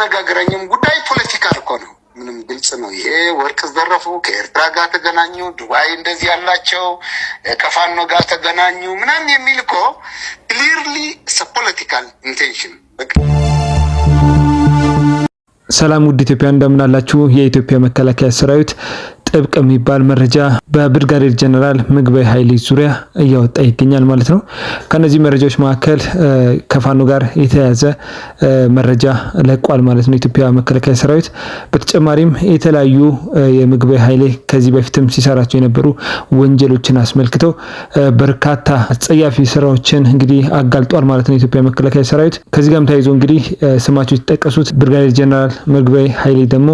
የሚያነጋግረኝም ጉዳይ ፖለቲካ እኮ ነው። ምንም ግልጽ ነው። ይሄ ወርቅ ዘረፉ፣ ከኤርትራ ጋር ተገናኙ፣ ዱባይ እንደዚህ ያላቸው ከፋኖ ጋር ተገናኙ ምናምን የሚል እኮ ክሊርሊ ፖለቲካል ኢንቴንሽን ሰላም ውድ ኢትዮጵያ እንደምናላችሁ። የኢትዮጵያ መከላከያ ሰራዊት ጥብቅ የሚባል መረጃ በብርጋዴር ጀነራል ምግበይ ኃይሌ ዙሪያ እያወጣ ይገኛል ማለት ነው። ከነዚህ መረጃዎች መካከል ከፋኖ ጋር የተያያዘ መረጃ ለቋል ማለት ነው የኢትዮጵያ መከላከያ ሰራዊት። በተጨማሪም የተለያዩ የምግበይ ኃይሌ ከዚህ በፊትም ሲሰራቸው የነበሩ ወንጀሎችን አስመልክተው በርካታ አጸያፊ ስራዎችን እንግዲህ አጋልጧል ማለት ነው የኢትዮጵያ መከላከያ ሰራዊት። ከዚህ ጋርም ተያይዞ እንግዲህ ስማቸው የተጠቀሱት ብርጋዴር ጀነራል ምግበይ ኃይሌ ደግሞ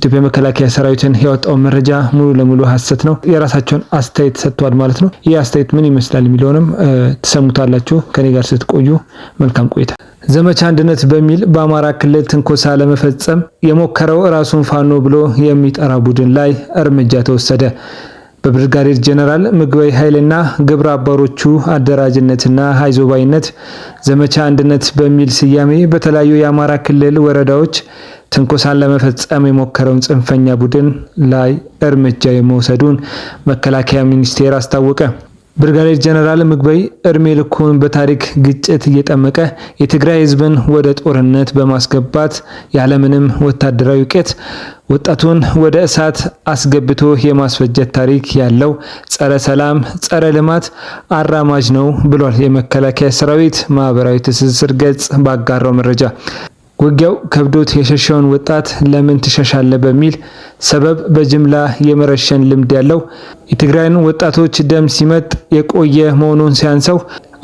ኢትዮጵያ መከላከያ ሰራዊትን ያወጣው መረጃ ሙሉ ለሙሉ ሀሰት ነው። የራሳቸውን አስተያየት ሰጥተዋል ማለት ነው። ይህ አስተያየት ምን ይመስላል የሚለውንም ትሰሙታላችሁ። ከኔ ጋር ስትቆዩ መልካም ቆይታ። ዘመቻ አንድነት በሚል በአማራ ክልል ትንኮሳ ለመፈጸም የሞከረው ራሱን ፋኖ ብሎ የሚጠራ ቡድን ላይ እርምጃ ተወሰደ። በብርጋዴር ጀነራል ምግበይ ኃይልና ግብረ አባሮቹ አደራጅነትና አይዞባይነት ዘመቻ አንድነት በሚል ስያሜ በተለያዩ የአማራ ክልል ወረዳዎች ትንኮሳን ለመፈጸም የሞከረውን ጽንፈኛ ቡድን ላይ እርምጃ የመውሰዱን መከላከያ ሚኒስቴር አስታወቀ። ብርጋዴር ጀነራል ምግበይ እድሜ ልኩን በታሪክ ግጭት እየጠመቀ የትግራይ ሕዝብን ወደ ጦርነት በማስገባት ያለምንም ወታደራዊ እውቀት ወጣቱን ወደ እሳት አስገብቶ የማስፈጀት ታሪክ ያለው ጸረ ሰላም፣ ጸረ ልማት አራማጅ ነው ብሏል የመከላከያ ሰራዊት ማህበራዊ ትስስር ገጽ ባጋራው መረጃ። ውጊያው ከብዶት የሸሸውን ወጣት ለምን ትሸሻለ በሚል ሰበብ በጅምላ የመረሸን ልምድ ያለው የትግራይን ወጣቶች ደም ሲመጥ የቆየ መሆኑን ሲያንሰው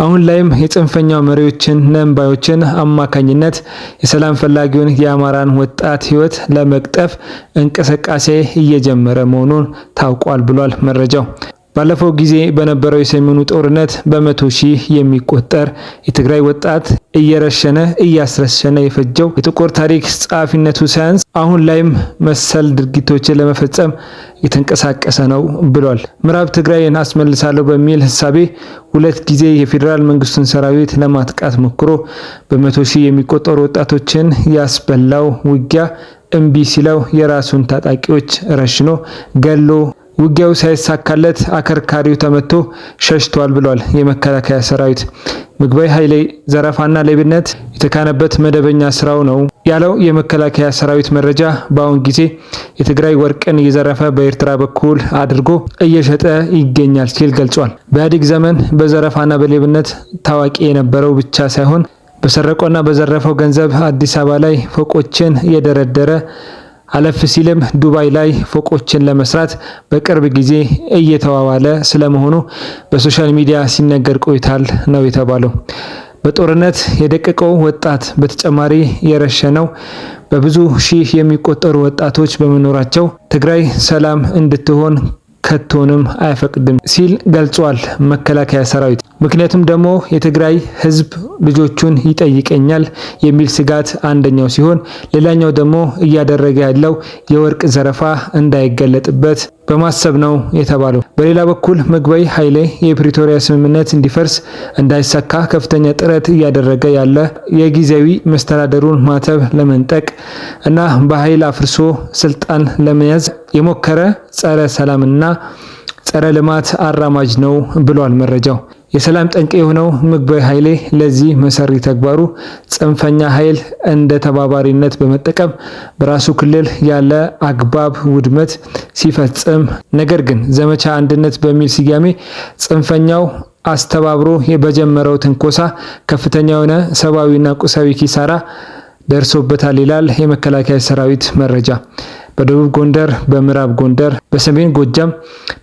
አሁን ላይም የጽንፈኛው መሪዎችን ነንባዮችን አማካኝነት የሰላም ፈላጊውን የአማራን ወጣት ሕይወት ለመቅጠፍ እንቅስቃሴ እየጀመረ መሆኑን ታውቋል ብሏል መረጃው። ባለፈው ጊዜ በነበረው የሰሜኑ ጦርነት በመቶ ሺህ የሚቆጠር የትግራይ ወጣት እየረሸነ እያስረሸነ የፈጀው የጥቁር ታሪክ ጸሐፊነቱ ሳያንስ አሁን ላይም መሰል ድርጊቶችን ለመፈጸም የተንቀሳቀሰ ነው ብሏል። ምዕራብ ትግራይን አስመልሳለሁ በሚል ህሳቤ ሁለት ጊዜ የፌዴራል መንግስቱን ሰራዊት ለማጥቃት ሞክሮ በመቶ ሺህ የሚቆጠሩ ወጣቶችን ያስበላው ውጊያ እምቢ ሲለው የራሱን ታጣቂዎች ረሽኖ ገሎ ውጊያው ሳይሳካለት አከርካሪው ተመቶ ሸሽቷል ብሏል የመከላከያ ሰራዊት። ምግባይ ኃይሌ ዘረፋና ሌብነት የተካነበት መደበኛ ስራው ነው ያለው የመከላከያ ሰራዊት መረጃ በአሁን ጊዜ የትግራይ ወርቅን እየዘረፈ በኤርትራ በኩል አድርጎ እየሸጠ ይገኛል ሲል ገልጿል። በኢህአዴግ ዘመን በዘረፋና በሌብነት ታዋቂ የነበረው ብቻ ሳይሆን በሰረቆና በዘረፈው ገንዘብ አዲስ አበባ ላይ ፎቆችን የደረደረ አለፍ ሲልም ዱባይ ላይ ፎቆችን ለመስራት በቅርብ ጊዜ እየተዋዋለ ስለመሆኑ በሶሻል ሚዲያ ሲነገር ቆይታል ነው የተባለው። በጦርነት የደቀቀው ወጣት በተጨማሪ የረሸነው በብዙ ሺህ የሚቆጠሩ ወጣቶች በመኖራቸው ትግራይ ሰላም እንድትሆን ከቶንም አይፈቅድም ሲል ገልጿል መከላከያ ሰራዊት። ምክንያቱም ደግሞ የትግራይ ህዝብ ልጆቹን ይጠይቀኛል የሚል ስጋት አንደኛው ሲሆን፣ ሌላኛው ደግሞ እያደረገ ያለው የወርቅ ዘረፋ እንዳይገለጥበት በማሰብ ነው የተባለው። በሌላ በኩል ምግበይ ኃይሌ የፕሪቶሪያ ስምምነት እንዲፈርስ እንዳይሳካ ከፍተኛ ጥረት እያደረገ ያለ የጊዜያዊ መስተዳደሩን ማተብ ለመንጠቅ እና በኃይል አፍርሶ ስልጣን ለመያዝ የሞከረ ጸረ ሰላምና ጸረ ልማት አራማጅ ነው ብሏል መረጃው። የሰላም ጠንቅ የሆነው ምግባዊ ኃይሌ ለዚህ መሰሪ ተግባሩ ጽንፈኛ ኃይል እንደ ተባባሪነት በመጠቀም በራሱ ክልል ያለ አግባብ ውድመት ሲፈጽም፣ ነገር ግን ዘመቻ አንድነት በሚል ስያሜ ጽንፈኛው አስተባብሮ በጀመረው ትንኮሳ ከፍተኛ የሆነ ሰብአዊና ቁሳዊ ኪሳራ ደርሶበታል ይላል የመከላከያ ሰራዊት መረጃ። በደቡብ ጎንደር፣ በምዕራብ ጎንደር፣ በሰሜን ጎጃም፣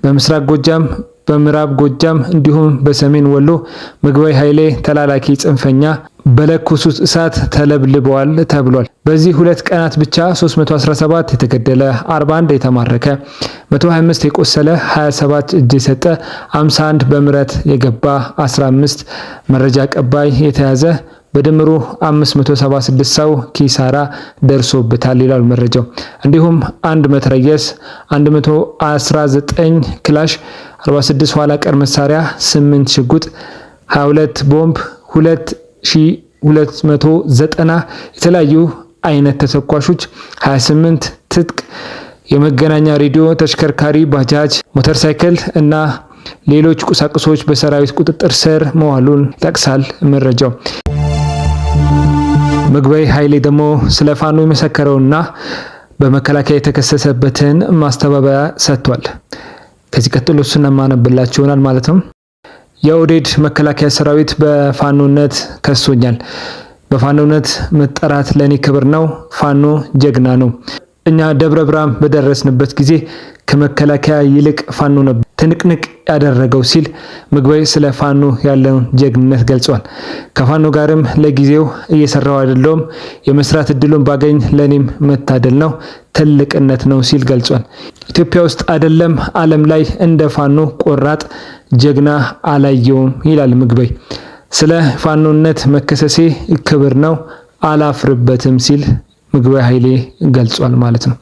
በምስራቅ ጎጃም በምዕራብ ጎጃም እንዲሁም በሰሜን ወሎ ምግባይ ኃይሌ ተላላኪ ጽንፈኛ በለኮሱት እሳት ተለብልበዋል ተብሏል። በዚህ ሁለት ቀናት ብቻ 317 የተገደለ፣ 41 የተማረከ፣ 125 የቆሰለ፣ 27 እጅ የሰጠ፣ 51 በምረት የገባ፣ 15 መረጃ ቀባይ የተያዘ በድምሩ 576 ሰው ኪሳራ ደርሶበታል ይላል መረጃው። እንዲሁም አንድ መትረየስ፣ 119 ክላሽ 46 ኋላ ቀር መሳሪያ 8 ሽጉጥ 22 ቦምብ 2290 የተለያዩ አይነት ተተኳሾች 28 ትጥቅ የመገናኛ ሬዲዮ፣ ተሽከርካሪ፣ ባጃጅ፣ ሞተር ሳይክል እና ሌሎች ቁሳቁሶች በሰራዊት ቁጥጥር ስር መዋሉን ይጠቅሳል መረጃው። ምግበይ ኃይሌ ደግሞ ስለ ፋኖ የመሰከረውና በመከላከያ የተከሰሰበትን ማስተባበያ ሰጥቷል። ከዚህ ቀጥሎ እሱን የማነብላችሁ ይሆናል ማለት ነው። የኦህዴድ መከላከያ ሰራዊት በፋኖነት ከሶኛል። በፋኖነት መጠራት ለእኔ ክብር ነው። ፋኖ ጀግና ነው። እኛ ደብረ ብርሃን በደረስንበት ጊዜ ከመከላከያ ይልቅ ፋኖ ነበር። ትንቅንቅ ያደረገው ሲል ምግባዊ ስለ ፋኖ ያለውን ጀግንነት ገልጿል። ከፋኖ ጋርም ለጊዜው እየሰራው አይደለውም፣ የመስራት እድሉን ባገኝ ለእኔም መታደል ነው ትልቅነት ነው ሲል ገልጿል። ኢትዮጵያ ውስጥ አይደለም ዓለም ላይ እንደ ፋኖ ቆራጥ ጀግና አላየውም ይላል ምግበይ። ስለ ፋኖነት መከሰሴ ክብር ነው አላፍርበትም ሲል ምግበይ ኃይሌ ገልጿል ማለት ነው።